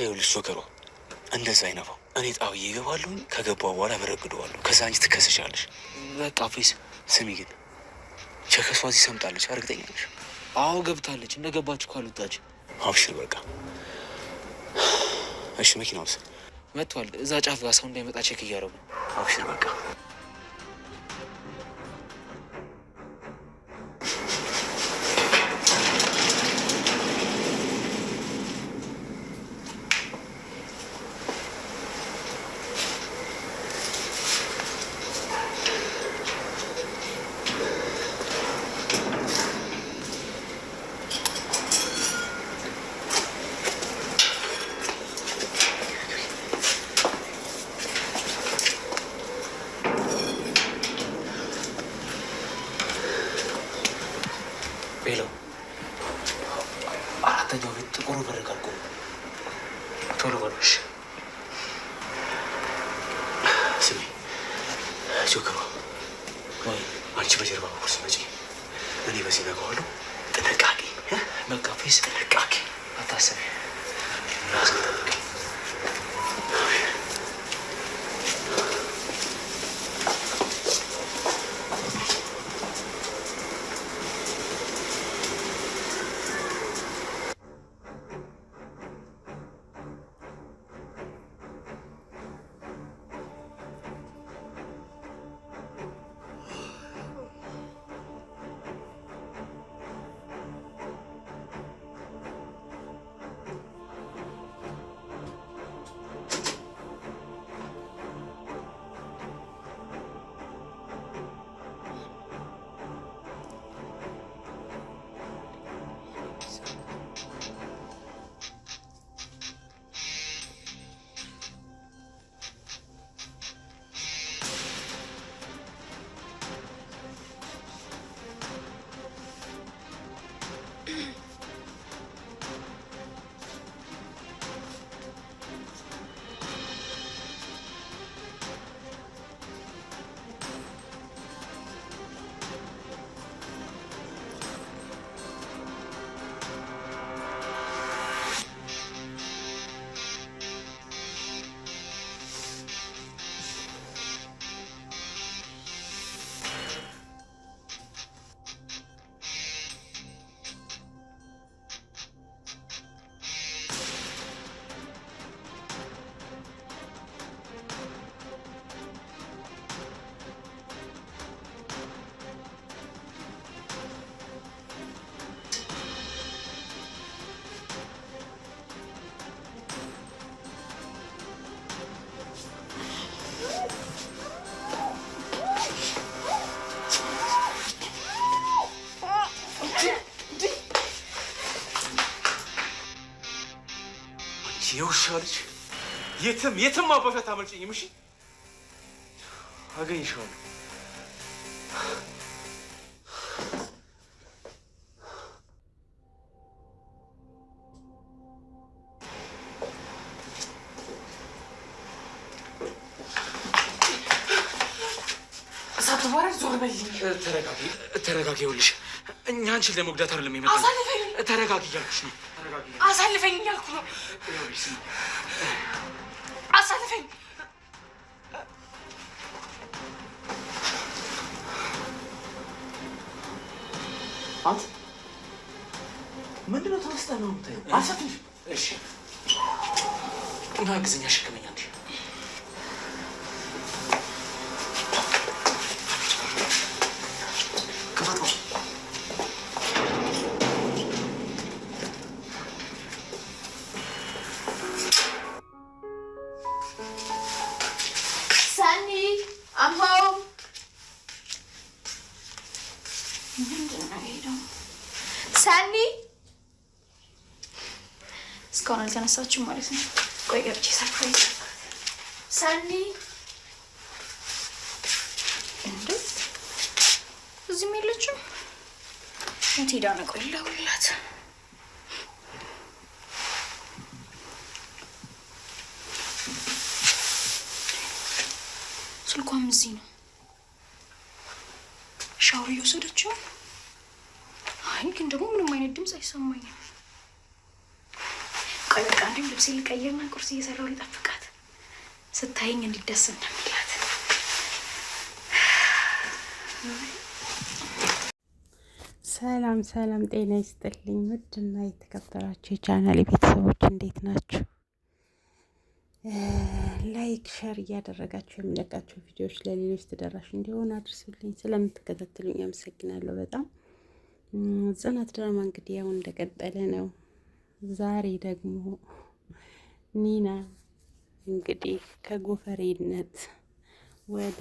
ይኸውልሽ ሾከሯ እንደዛ አይነፋው። እኔ ጣብዬ እገባለሁ። ከገባ በኋላ መረግደዋለሁ። ከዛ አንቺ ትከሰሻለሽ። በቃ ፌስ ስሚ፣ ግን ቸከሷ እዚህ ሰምጣለች። እርግጠኛ ነሽ? አዎ ገብታለች። እንደገባችሁ ገባችሁ ካልወጣች አብሽር። በቃ እሺ። መኪናውስ መጥቷል። እዛ ጫፍ ጋር ሰው እንዳይመጣ ቼክ እያደረጉ አብሽር። በቃ ቶሎ በሎሽ። ስሚ ጆክማ፣ አንቺ በጀርባ በኩል ስትመጪ እኔ በዚህ ነግሯሉ። ጥንቃቄ በቃ ጥንቃቄ አታስቢ፣ ራስን ጠብቂ። Шарыч. Yetim, yetim muhabbet tamirci imiş. Aga inşallah. Satı var zoruna gidiyor. Ee, terekaki, terekaki oluş. አንቺን ለመጉዳት አይደለም የመጣሁት። አሳልፈኝ! ተረጋጊ እያልኩሽ ነው። አሳልፈኝ እያልኩ ነው። አሳልፈኝ! አንተ ምንድን ነው ተመስጠህ ነው የምታየው? አሳልፈኝ! እሺ፣ ና ግዝኛ ሽክም ሰኒ እስካሁን አልተነሳችም ማለት ነው። ቆይ ገብቼ ሰርፕራይዝ ሰኒ እዚህም የለችም። የት ሄዳ ነው? ቆይ ልደውልላት። ስልኳም እዚህ ነው። ሻወር እየወሰደችው አይ ግን ደግሞ ምንም አይነት ድምፅ አይሰማኝም። ቆይ በቃ እንዲሁም ልብስ ልቀይርና ቁርስ እየሰራው ልጠብቃት። ስታይኝ እንዲደስ እንደሚላት ሰላም ሰላም፣ ጤና ይስጥልኝ ውድና የተከበራችሁ የቻናል ቤተሰቦች እንዴት ናችሁ? ላይክ ሸር እያደረጋችሁ የሚለቃቸው ቪዲዮዎች ለሌሎች ተደራሽ እንዲሆን አድርሱልኝ። ስለምትከታተሉኝ አመሰግናለሁ በጣም ጽናት ድራማ እንግዲህ ያው እንደቀጠለ ነው። ዛሬ ደግሞ ኒና እንግዲህ ከጎፈሬነት ወደ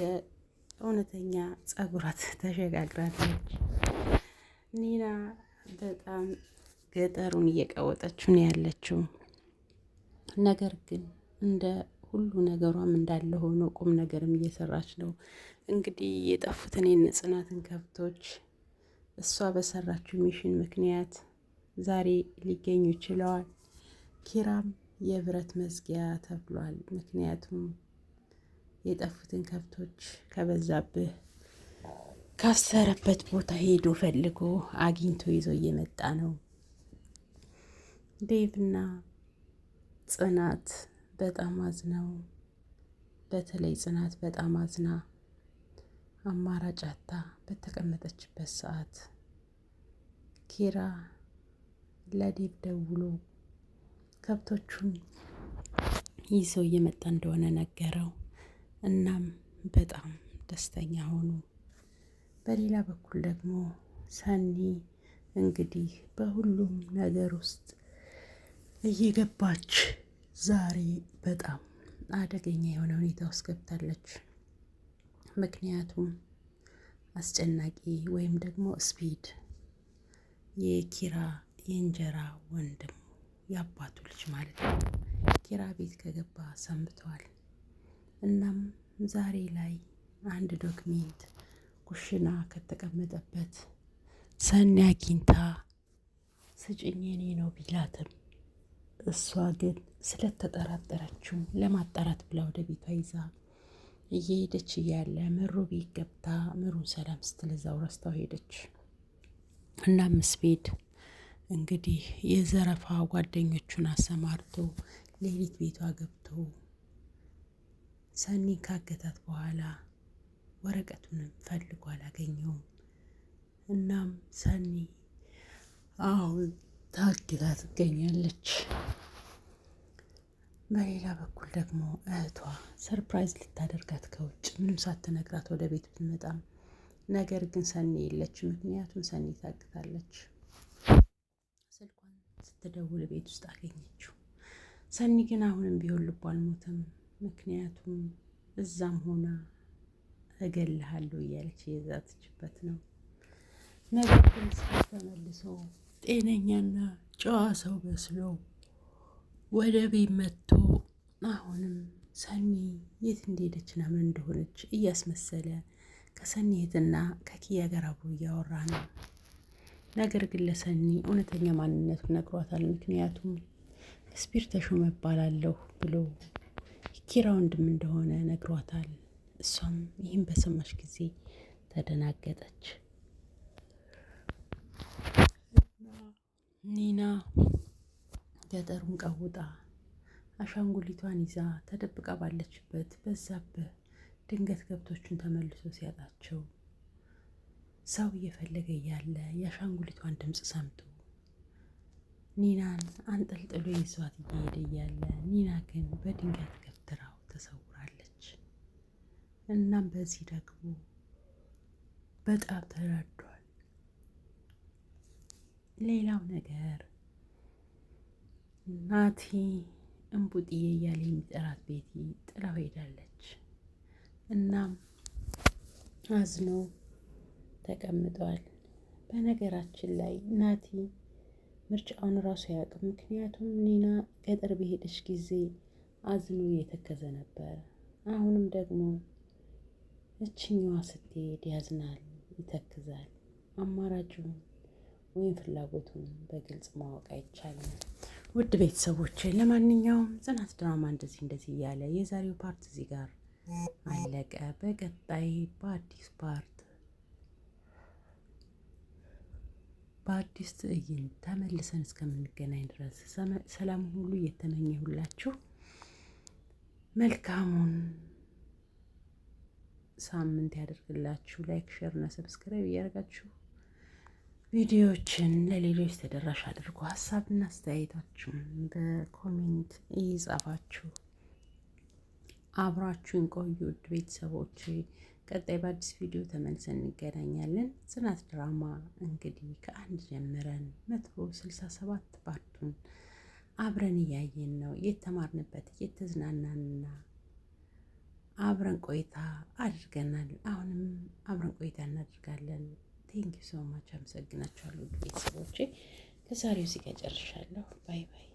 እውነተኛ ጸጉራት ተሸጋግራለች። ኒና በጣም ገጠሩን እየቀወጠችው ነው ያለችው። ነገር ግን እንደ ሁሉ ነገሯም እንዳለ ሆኖ ቁም ነገርም እየሰራች ነው። እንግዲህ የጠፉትን የነ ጽናትን ከብቶች እሷ በሰራችው ሚሽን ምክንያት ዛሬ ሊገኙ ይችለዋል ኪራም የብረት መዝጊያ ተብሏል። ምክንያቱም የጠፉትን ከብቶች ከበዛብህ ካሰረበት ቦታ ሄዶ ፈልጎ አግኝቶ ይዞ እየመጣ ነው። ዴቭና ጽናት በጣም አዝነው፣ በተለይ ጽናት በጣም አዝና አማራጭ አታ በተቀመጠችበት ሰዓት ኪራ ለዴብ ደውሎ ከብቶቹን ይዞ እየመጣ እንደሆነ ነገረው። እናም በጣም ደስተኛ ሆኑ። በሌላ በኩል ደግሞ ሰኒ እንግዲህ በሁሉም ነገር ውስጥ እየገባች ዛሬ በጣም አደገኛ የሆነ ሁኔታ ውስጥ ገብታለች። ምክንያቱም አስጨናቂ ወይም ደግሞ ስፒድ የኪራ የእንጀራ ወንድሙ የአባቱ ልጅ ማለት ነው ኪራ ቤት ከገባ ሰንብተዋል። እናም ዛሬ ላይ አንድ ዶክሜንት ኩሽና ከተቀመጠበት ሰኒ አግኝታ ስጭኝ የኔ ነው ቢላትም እሷ ግን ስለተጠራጠረችው ለማጣራት ብላ ወደ ቤቷ ይዛ እየሄደች እያለ ምሩ ቤት ገብታ ምሩን ሰላም ስትል እዛው ረስታው ሄደች። እናም ስፔድ እንግዲህ የዘረፋ ጓደኞቹን አሰማርቶ ሌሊት ቤቷ ገብቶ ሰኒን ካገታት በኋላ ወረቀቱንም ፈልጎ አላገኘውም። እናም ሰኒ አሁን ታግታ ትገኛለች። በሌላ በኩል ደግሞ እህቷ ሰርፕራይዝ ልታደርጋት ከውጭ ምንም ሳትነግራት ወደ ቤት ብትመጣም ነገር ግን ሰኒ የለች። ምክንያቱም ሰኒ ታግታለች። ስልኳን ስትደውል ቤት ውስጥ አገኘችው። ሰኒ ግን አሁንም ቢሆን ልቧ አልሞተም። ምክንያቱም እዛም ሆና እገልሃለሁ እያለች እየዛተችበት ነው። ነገር ግን ተመልሶ ጤነኛና ጨዋ ሰው መስሎ ወደ ቤት መጥቶ አሁንም ሰኒ የት እንደሄደች ና ምን እንደሆነች እያስመሰለ ከሰኒ እህትና ከኪያ ጋር አብሮ እያወራ ነው። ነገር ግን ለሰኒ እውነተኛ ማንነቱን ነግሯታል። ምክንያቱም እስፒር ተሾመ እባላለሁ ብሎ ኪራ ወንድም እንደሆነ ነግሯታል። እሷም ይህን በሰማች ጊዜ ተደናገጠች። ኒና ገጠሩን ቀውጣ አሻንጉሊቷን ይዛ ተደብቃ ባለችበት በዛብህ ድንገት ገብቶቹን ተመልሶ ሲያጣቸው ሰው እየፈለገ እያለ የአሻንጉሊቷን ድምፅ ሰምቶ ኒናን አንጠልጥሎ ይዟት እየሄደ እያለ ኒና ግን በድንገት ገብትራው ተሰውራለች። እናም በዚህ ደግሞ በጣም ተናዷል። ሌላው ነገር ናቲ እንቡጥዬ እያለ የሚጠራት ቤቲ ጥላው ሄዳለች። እናም አዝኖ ተቀምጧል። በነገራችን ላይ ናቲ ምርጫውን ራሱ አያውቅም። ምክንያቱም ኒና ገጠር በሄደች ጊዜ አዝኖ እየተከዘ ነበር። አሁንም ደግሞ እችኛዋ ስትሄድ ያዝናል፣ ይተክዛል። አማራጩ ወይም ፍላጎቱን በግልጽ ማወቅ አይቻልም። ውድ ቤተሰቦች ለማንኛውም ጽናት ድራማ እንደዚህ እንደዚህ እያለ የዛሬው ፓርት እዚህ ጋር አለቀ። በቀጣይ በአዲስ ፓርት በአዲስ ትዕይንት ተመልሰን እስከምንገናኝ ድረስ ሰላም ሁሉ እየተመኘሁላችሁ መልካሙን ሳምንት ያደርግላችሁ። ላይክ፣ ሼር እና ሰብስክራይብ እያደረጋችሁ ቪዲዮዎችን ለሌሎች ተደራሽ አድርጉ። ሀሳብና አስተያየታችሁን በኮሜንት እየጻፋችሁ አብራችሁን ቆዩ ውድ ቤተሰቦች። ቀጣይ በአዲስ ቪዲዮ ተመልሰን እንገናኛለን። ጽናት ድራማ እንግዲህ ከአንድ ጀምረን መቶ ስልሳ ሰባት ፓርቱን አብረን እያየን ነው የተማርንበት እየተዝናናንና አብረን ቆይታ አድርገናል። አሁንም አብረን ቆይታ እናድርጋለን። ቴንክ ዩ ሶ ማች አመሰግናችኋለሁ ቤተሰቦቼ። ከዛሬው እዚህ ጋር ጨርሻለሁ። ባይ ባይ።